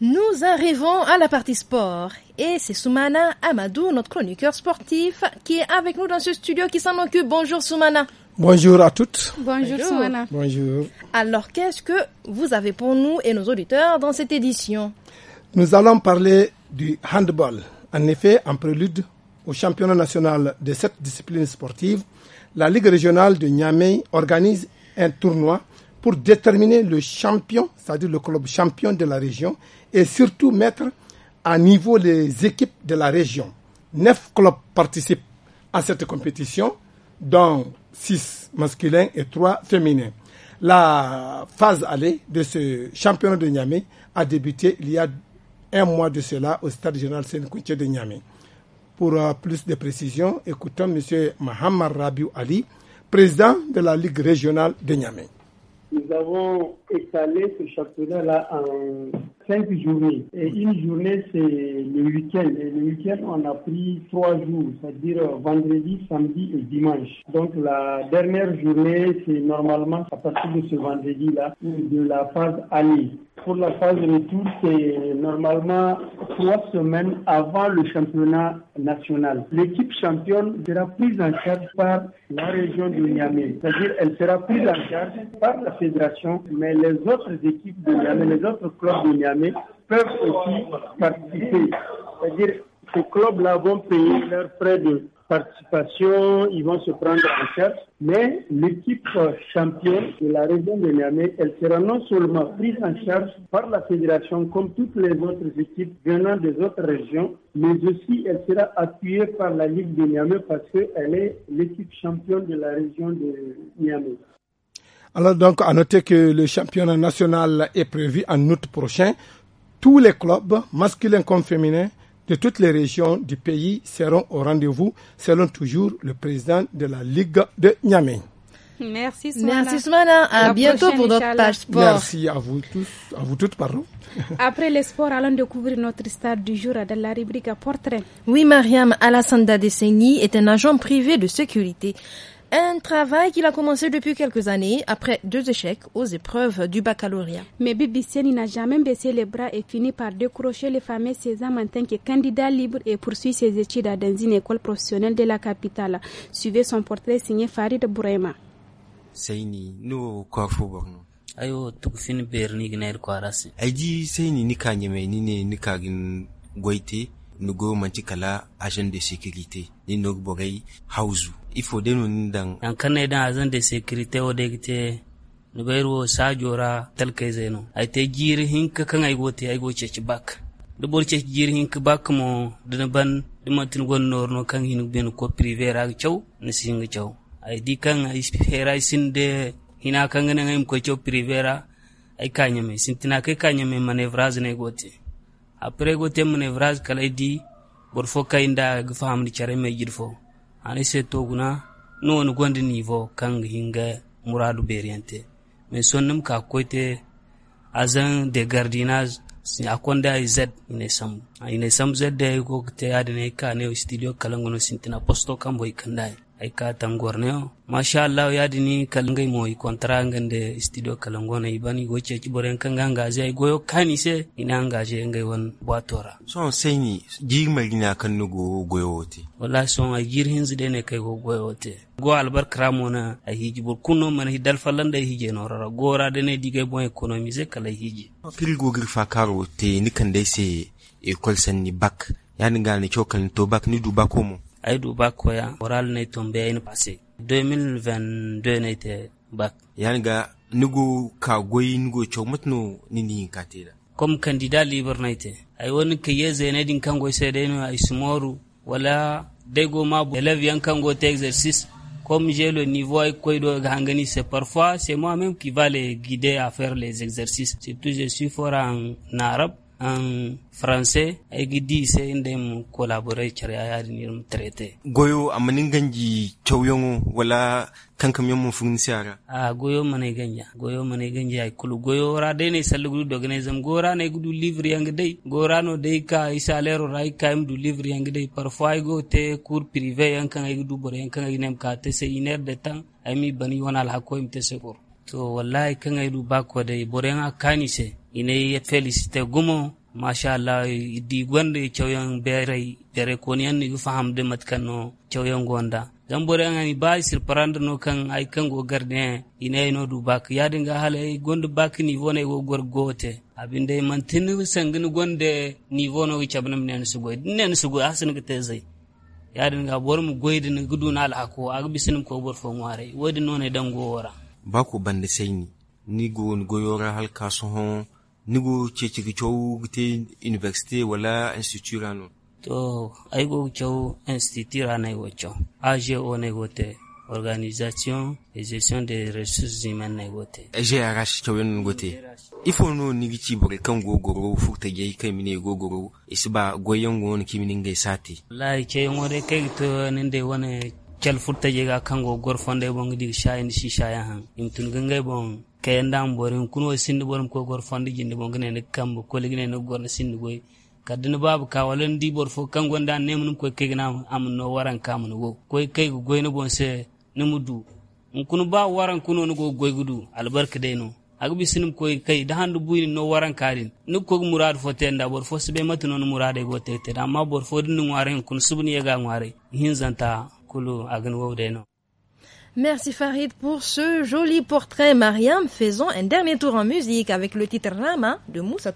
Nous arrivons à la partie sport et c'est Soumana Amadou, notre chroniqueur sportif, qui est avec nous dans ce studio qui s'en occupe. Bonjour Soumana. Bonjour à toutes. Bonjour, Soumana. Bonjour. Alors qu'est-ce que vous avez pour nous et nos auditeurs dans cette édition Nous allons parler du handball. En effet, en prélude au championnat national de cette discipline sportive, la Ligue régionale de Niamey organise un tournoi pour déterminer le champion, c'est-à-dire le club champion de la région et surtout mettre à niveau les équipes de la région. Neuf clubs participent à cette compétition, dont six masculins et trois féminins. La phase allée de ce championnat de Niamey a débuté il y a un mois de cela au stade général Sénécoutier de Niamey. Pour euh, plus de précisions, écoutons M. Mohamed Rabiou Ali, président de la Ligue régionale de Niamey. Nous avons étalé ce championnat-là en cinq journées. Et mm. une journée, c'est le week-end. Et le week-end, on a pris trois jours, c'est-à-dire vendredi, samedi et dimanche. Donc la dernière journée, c'est normalement à partir de ce vendredi-là, de la phase année. Pour la phase retour, c'est normalement trois semaines avant le championnat national. L'équipe championne sera prise en charge par la région de Niamey. C'est-à-dire, elle sera prise en charge par la fédération, mais les autres équipes de Niamey, les autres clubs de Niamey, peuvent aussi participer. C'est-à-dire, ces clubs-là vont payer leurs frais de participation, ils vont se prendre en charge, mais l'équipe euh, championne de la région de Niamey, elle sera non seulement prise en charge par la fédération comme toutes les autres équipes venant des autres régions, mais aussi elle sera appuyée par la Ligue de Niamey parce qu'elle est l'équipe championne de la région de Niamey. Alors donc, à noter que le championnat national est prévu en août prochain. Tous les clubs, masculins comme féminins, de toutes les régions du pays seront au rendez-vous, selon toujours le président de la Ligue de Niamey. Merci Soumana. Merci À, bientôt pour d'autres pages Merci à vous tous, à vous toutes, pardon. Après les sports, allons découvrir notre stade du jour dans la rubrique à Portrait. Oui, Mariam Alassane Desseni est un agent privé de sécurité. Un travail qu'il a commencé depuis quelques années après deux échecs aux épreuves du baccalauréat. Mais Bibi n'a jamais baissé les bras et finit par décrocher le fameux sésame en tant que candidat libre et poursuit ses études dans une école professionnelle de la capitale. Suivez son portrait signé Farid Bourema. Saini, nous, quoi, ayo tuksin berni gnair kwarasi aji saini nika ni nine nika gin goite nugo kala agent de sécurité ni nog bogay ifodenu dan an kanne dan azan de sécurité o de gite nugairo sajora talkai zeno ay te hin ka kan ay gote ay goce ci bak dubor ce hin ka bak mo dina ban dumatin gon no kan hinu ben ko privé ra chaw ni singa chaw ay di kan ay fera sin de hina kan ngene ngem ko chaw privé ra ai kanya me sintina kai kanya me manevrage ne gote après gote manevrage kala di bor fo nda gfa ni chare me jidfo ani se toguna no ni gondi niveau kan hinga muradu beriyante me sonnum ka koyte azan de gardinage si akonda z ine sam ine sam z de ko te adne ka ne studio kalangono sintina posto kambo kandai ay ka tangorneo masha allah yadi ni kalangay mo kontra ngande studio kalangona ibani che ci boren kan ganga ay goyo kani se ina ngaje ngai won boatora so sai ni ji marina kan nugo goyo wote wala son ay gir hinzi de ne kai go goyo wote go albar kramo na ay hiji bur kuno man hi dal falande hije no rara gora de ne digay bon economy kala hiji pil go gir fa karo te ni kan dai se école sanni bac yani chokal ni to bac ni du ko aidu ba koya oral ne tombe ayni passé 2022 ne te bak ga nugu ka goyi nugu chomutnu nini da. kom candidat libre ne te ay woni ke yeze ne din kango sede no ay sumoru wala dego mabu elev yan kango te exercice comme ay le do et c'est parfois c'est moi-même qui va les guider à faire les exercices. Surtout, je suis fort en arabe, en français aigi di se inde mu collaborer cari ayadi ni mu traité goyo amanin ganji chowyongo wala kankam yom mu fugni siara a goyo mane ganja goyo mane ganja ay kulu goyo ra de ne sallu salugu dogne zam gora ne gudu livre yang dey gora no dey ka isalero ray ka im du livre yang dey parfois ay go te cour privé yang kan ay gudu bor yang kan ay nem ka te se une heure de temps ay mi bani wona al ko im te se to wallahi kan ay du bako dey bor yang akani se ine felicité gumo machallah di gonde cewyon bere bere koni an faham fahamde mat kanno cewyon gonda gam bore an ani ba surprendre no kan ay kango gardien ine no du bak yadi nga hala ay gonde bak niveau ne go gor gote abinde man tinu sangin gonde niveau no cabnam nen sugoy nen sugoy asin ah ga tezai yadi nga bor mu goyde ni gudu na alhako ag bisinum ko bor fo ngware wodi no ne dango wora baku bande seyni ni go goyora halka sohon nigo cecigi cow gite université wala institut ra no to aygo cow institut ranaygo cow ago naygo te organisation et gestion des ressources humaines naygo te agrh cow yanongo te ifo no nigi ci bore kan gogoro furta jai kai mine gogoro isiba goyon gon kimini ngai sati wallahi ce yongore kai to ninde wane cal furta jega kango gorfonde bon digi shayin shi shayan han imtun gangai bon kayandam borin kuno sindi borin ko gor fandi jindi bon gane ne kambo ko ligne ne gor ne sindi goy kadin babu kawalan di bor fo kan gonda ne mun ko kay am no waran kam no go koy kay go goy no bon se ne mudu mun kuno ba waran kuno no go goy gudu albarka de no agbi sinum koy kay da handu buyni no waran karin nu ko murad fo tenda bor fo sibe matuno no murade go tete amma bor fo din waran kun subni yega ngware hinzanta zanta kulu agin de no Merci Farid pour ce joli portrait. Mariam, faisons un dernier tour en musique avec le titre Rama de Moussa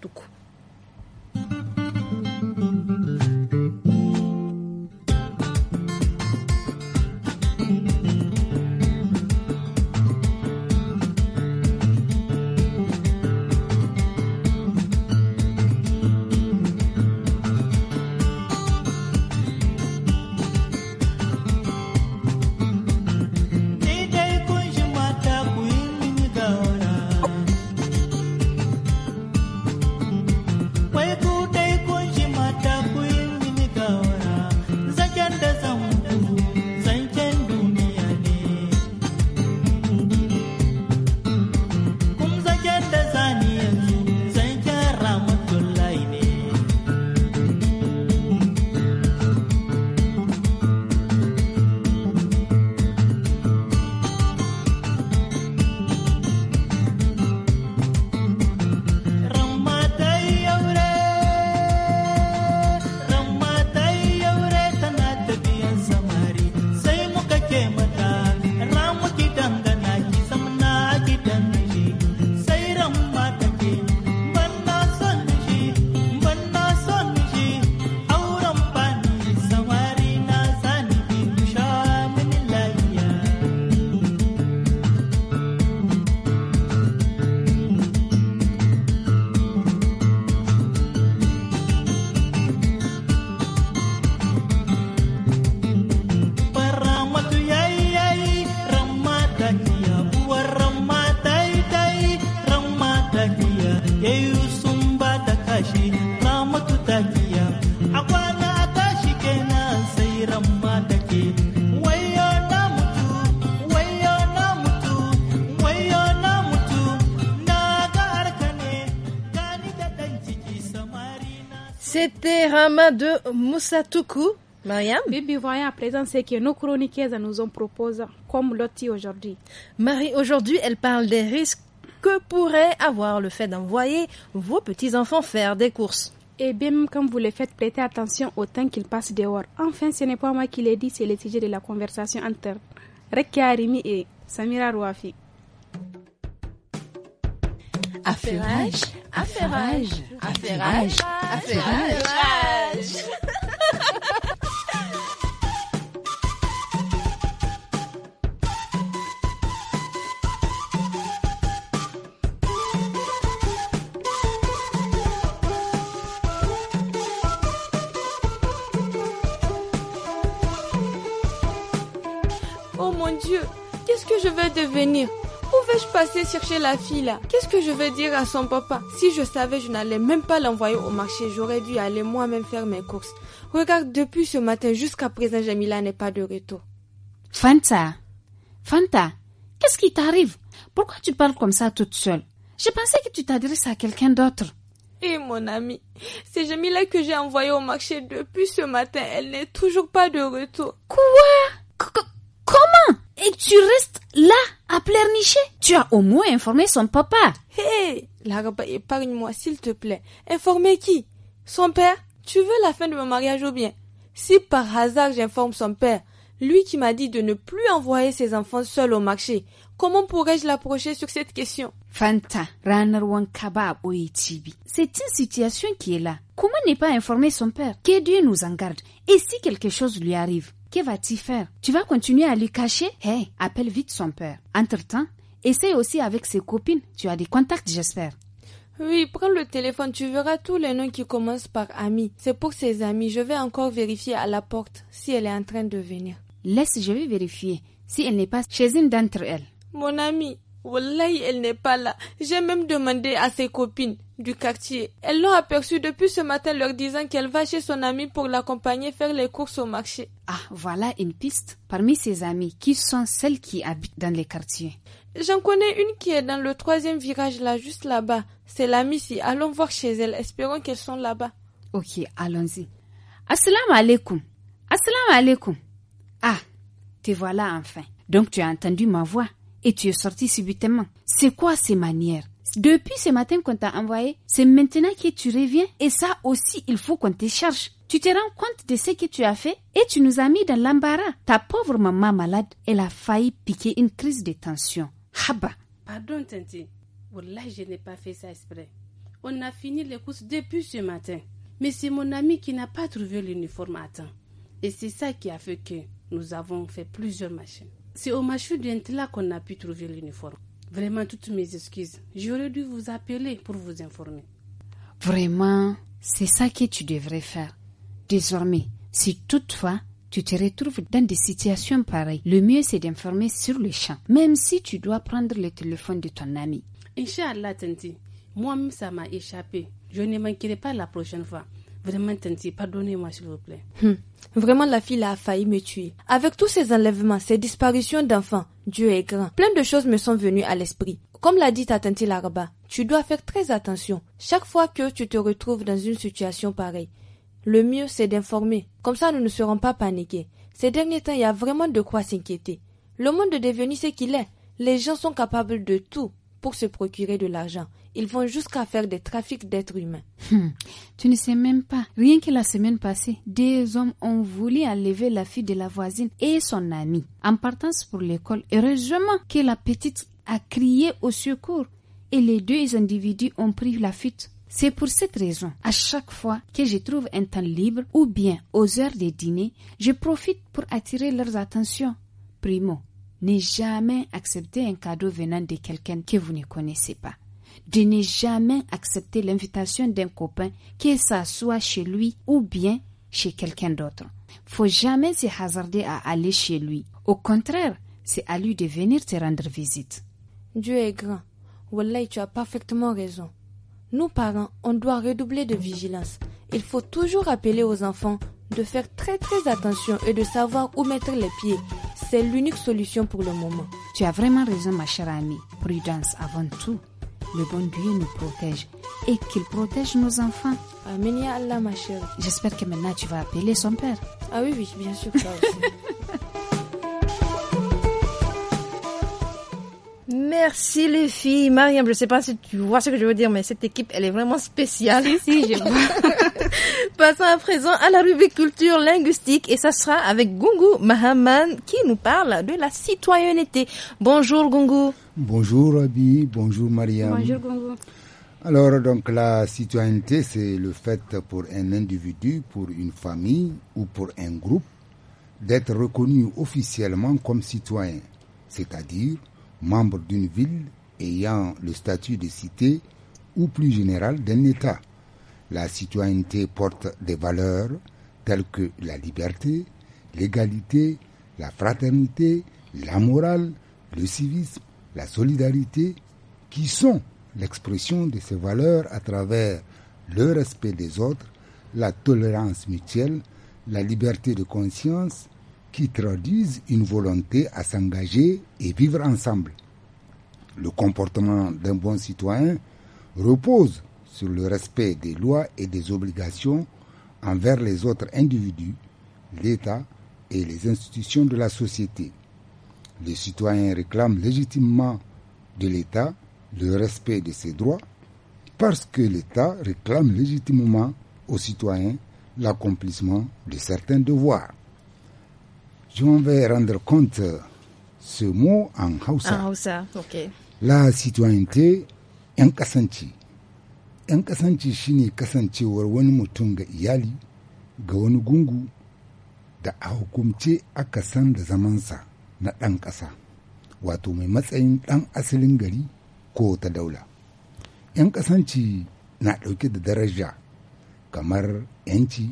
Terama de Moussatoukou, Mariam Bibi, voyons à présent ce que nos chroniqueuses nous ont proposé, comme Loti aujourd'hui. Marie, aujourd'hui, elle parle des risques que pourrait avoir le fait d'envoyer vos petits-enfants faire des courses. Et eh bien, comme vous les faites, prêtez attention au temps qu'ils passent dehors. Enfin, ce n'est pas moi qui l'ai dit, c'est le sujet de la conversation entre Rekia Arimi et Samira Rouafi affaire affairage, affaire affairage. Oh mon Dieu, qu'est-ce que je vais devenir vais-je passer chercher la fille là Qu'est-ce que je vais dire à son papa Si je savais, je n'allais même pas l'envoyer au marché. J'aurais dû aller moi-même faire mes courses. Regarde, depuis ce matin jusqu'à présent, Jamila n'est pas de retour. Fanta, Fanta, qu'est-ce qui t'arrive Pourquoi tu parles comme ça toute seule J'ai pensé que tu t'adresses à quelqu'un d'autre. Et eh, mon ami, c'est Jamila que j'ai envoyée au marché depuis ce matin. Elle n'est toujours pas de retour. Quoi Comment et tu restes là à pleurnicher. Tu as au moins informé son papa. Hé, hey, épargne-moi, s'il te plaît. Informer qui Son père Tu veux la fin de mon mariage ou bien Si par hasard j'informe son père, lui qui m'a dit de ne plus envoyer ses enfants seuls au marché, comment pourrais-je l'approcher sur cette question Fanta, C'est une situation qui est là. Comment ne pas informer son père Que Dieu nous en garde. Et si quelque chose lui arrive que vas t faire Tu vas continuer à lui cacher Hé, appelle vite son père. Entre-temps, essaie aussi avec ses copines. Tu as des contacts, j'espère. Oui, prends le téléphone, tu verras tous les noms qui commencent par ami. C'est pour ses amis. Je vais encore vérifier à la porte si elle est en train de venir. Laisse, je vais vérifier si elle n'est pas chez une d'entre elles. Mon ami, Wallahi, elle n'est pas là. J'ai même demandé à ses copines du quartier. Elles l'ont aperçue depuis ce matin leur disant qu'elle va chez son amie pour l'accompagner faire les courses au marché. Ah, voilà une piste. Parmi ses amies, qui sont celles qui habitent dans les quartiers J'en connais une qui est dans le troisième virage là, juste là-bas. C'est l'amie ici. Allons voir chez elle. Espérons qu'elles sont là-bas. Ok, allons-y. Assalamu alaikum. Assalamu alaikum. Ah, te voilà enfin. Donc tu as entendu ma voix et tu es sorti subitement. C'est quoi ces manières Depuis ce matin qu'on t'a envoyé, c'est maintenant que tu reviens et ça aussi, il faut qu'on te charge. Tu te rends compte de ce que tu as fait et tu nous as mis dans l'embarras. Ta pauvre maman malade, elle a failli piquer une crise de tension. bah Pardon, Tintin, Là, je n'ai pas fait ça exprès. On a fini les courses depuis ce matin. Mais c'est mon ami qui n'a pas trouvé l'uniforme à temps. Et c'est ça qui a fait que nous avons fait plusieurs machines. C'est au machu là qu'on a pu trouver l'uniforme. Vraiment, toutes mes excuses. J'aurais dû vous appeler pour vous informer. Vraiment, c'est ça que tu devrais faire. Désormais, si toutefois tu te retrouves dans des situations pareilles, le mieux c'est d'informer sur le champ, même si tu dois prendre le téléphone de ton ami. Inch'Allah, Tanti, moi-même ça m'a échappé. Je ne manquerai pas la prochaine fois. Vraiment, Tanti, pardonnez-moi, s'il vous plaît. Hmm. Vraiment, la fille a failli me tuer. Avec tous ces enlèvements, ces disparitions d'enfants, Dieu est grand. Plein de choses me sont venues à l'esprit. Comme l'a dit Tanti Laraba, tu dois faire très attention. Chaque fois que tu te retrouves dans une situation pareille, le mieux c'est d'informer. Comme ça, nous ne serons pas paniqués. Ces derniers temps, il y a vraiment de quoi s'inquiéter. Le monde est devenu ce qu'il est. Les gens sont capables de tout pour se procurer de l'argent. Ils vont jusqu'à faire des trafics d'êtres humains. Hmm. tu ne sais même pas. Rien que la semaine passée, des hommes ont voulu enlever la fille de la voisine et son amie en partant pour l'école. Heureusement que la petite a crié au secours et les deux individus ont pris la fuite. C'est pour cette raison, à chaque fois que je trouve un temps libre ou bien aux heures de dîner, je profite pour attirer leurs attentions. Primo, ne jamais accepter un cadeau venant de quelqu'un que vous ne connaissez pas, de ne jamais accepter l'invitation d'un copain, que s'assoit soit chez lui ou bien chez quelqu'un d'autre. Faut jamais se hasarder à aller chez lui. Au contraire, c'est à lui de venir te rendre visite. Dieu est grand. Wallahi, tu as parfaitement raison. Nous, parents, on doit redoubler de vigilance. Il faut toujours appeler aux enfants de faire très très attention et de savoir où mettre les pieds. C'est l'unique solution pour le moment. Tu as vraiment raison, ma chère amie. Prudence avant tout. Le bon Dieu nous protège et qu'il protège nos enfants. Amen, Allah, J'espère que maintenant tu vas appeler son père. Ah oui, oui, bien sûr, ça aussi. Merci les filles. Mariam, je ne sais pas si tu vois ce que je veux dire, mais cette équipe, elle est vraiment spéciale. Passons à présent à la rubrique culture linguistique et ça sera avec Gungu Mahaman qui nous parle de la citoyenneté. Bonjour Gungu. Bonjour Abi, bonjour Mariam. Bonjour Gungu. Alors donc la citoyenneté, c'est le fait pour un individu, pour une famille ou pour un groupe d'être reconnu officiellement comme citoyen, c'est-à-dire membre d'une ville ayant le statut de cité ou plus général d'un État. La citoyenneté porte des valeurs telles que la liberté, l'égalité, la fraternité, la morale, le civisme, la solidarité, qui sont l'expression de ces valeurs à travers le respect des autres, la tolérance mutuelle, la liberté de conscience, qui traduisent une volonté à s'engager et vivre ensemble. Le comportement d'un bon citoyen repose sur le respect des lois et des obligations envers les autres individus, l'État et les institutions de la société. Les citoyens réclament légitimement de l'État le respect de ses droits parce que l'État réclame légitimement aux citoyens l'accomplissement de certains devoirs. je m'en vais rendre compte ce mot en Hausa. En Hausa, ok. La citoyenneté, ‘yan kasanci. ‘Yan kasanci shine kasancewar wani mutum ga iyali, ga wani gungu, da a hukumce aka san da zamansa na ɗan ƙasa, wato mai matsayin ɗan asalin gari ko ta daula. ‘Yan kasanci na ɗauke da daraja kamar ‘yanci,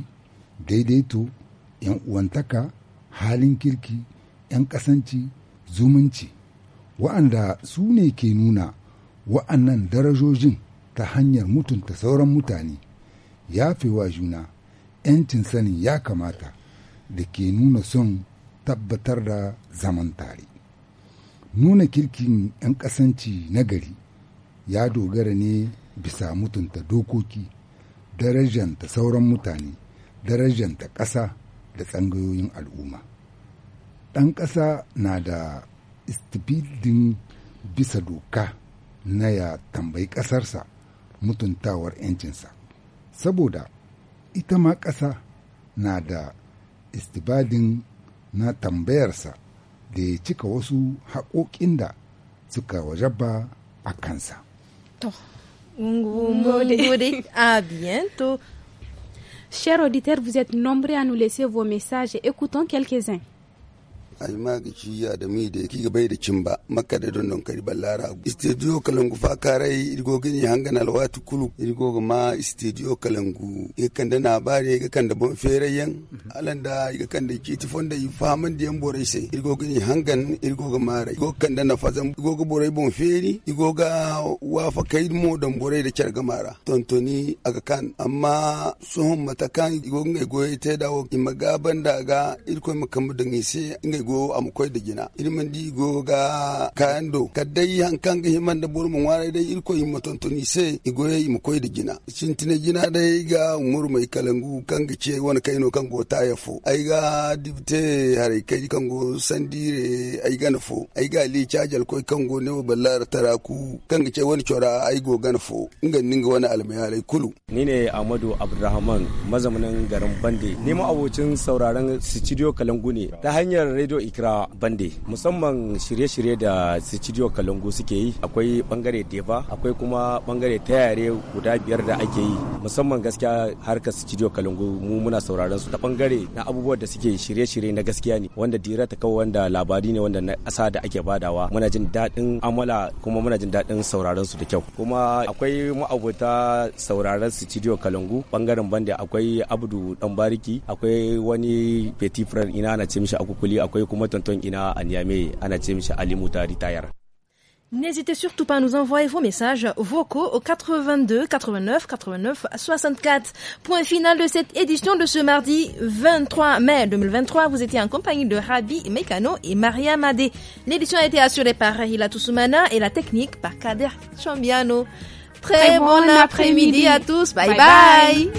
daidaito, ‘yan uwantaka, halin kirki 'yan kasanci, zumunci wa'anda su ne ke nuna wa'annan darajojin ta hanyar mutunta sauran mutane ya yafewa juna 'yancin sanin ya kamata da ke nuna son tabbatar da zaman tare nuna kirkin 'yan kasanci na gari ya dogara ne bisa mutunta dokoki darajanta sauran mutane darajanta ƙasa da tsangayoyin al'umma ɗan ƙasa na da istibidin bisa doka na ya tambayi ƙasarsa mutuntawar 'yancinsa saboda ita ma ƙasa na da istibadin na tambayarsa da ya cika wasu haƙoƙin da suka wajaba a kansa. To, A Chers auditeurs, vous êtes nombreux à nous laisser vos messages. et Écoutons quelques-uns. almagi shi ya da mi da kiga bai da cin ba makka da don don kari ballara studio kalangu fa karai irgo gini na alwatu kulu irgo ma studio kalangu ya kan da na bare ga kan da bon ferayyan mhm. alan da ga kan da kiti da yi faman da yan borai sai irgo gini hangan irgo ga mara irgo kan da na fazan irgo ga borai bon feri irgo ga wafa kai mo don borai da kyar gamara tontoni aga kan amma sun matakan irgo ngai goye te dawo imagaban da ga irko makamu da ngise ngai digo a mukoi da jina irman digo ga ka dai hankan ga himan da mun ware dai irko yin matontoni se igo yi mu koy da jina cintine jina dai ga umur mai kalangu kan ga ce wani kaino kan go ta yafo ai ga dibte hare kai kan go sandire ai ga nafo ai ga li chajal koy kan go ne ballar taraku kan ga ce wani chora ai go ga nafo ingan ninga wani almayalai kulu ni ne Amadu abdurrahman mazaunin garin Bande ni ma abocin sauraron studio Kalangu ne ta hanyar radio ikra bande musamman shirye-shirye da studio kalangu suke yi akwai bangare deva akwai kuma bangare tayare guda biyar da ake yi musamman gaskiya harkar studio kalangu mu muna sauraron su ta bangare na abubuwan da suke shirye-shirye na gaskiya ne wanda dira ta kawo wanda labari ne wanda na asa da ake badawa muna jin daɗin amala kuma muna jin daɗin sauraron su da kyau kuma akwai ma'abota sauraron studio kalangu bangaren bande akwai abdu dan bariki akwai wani petit frère ina na ce mishi akukuli akwai N'hésitez surtout pas à nous envoyer vos messages vocaux au 82 89 89 64. Point final de cette édition de ce mardi 23 mai 2023. Vous étiez en compagnie de Rabi Mekano et Maria Madé. L'édition a été assurée par Hila Toussoumana et la technique par Kader Chambiano. Très, bon, après-midi à tous. bye. bye.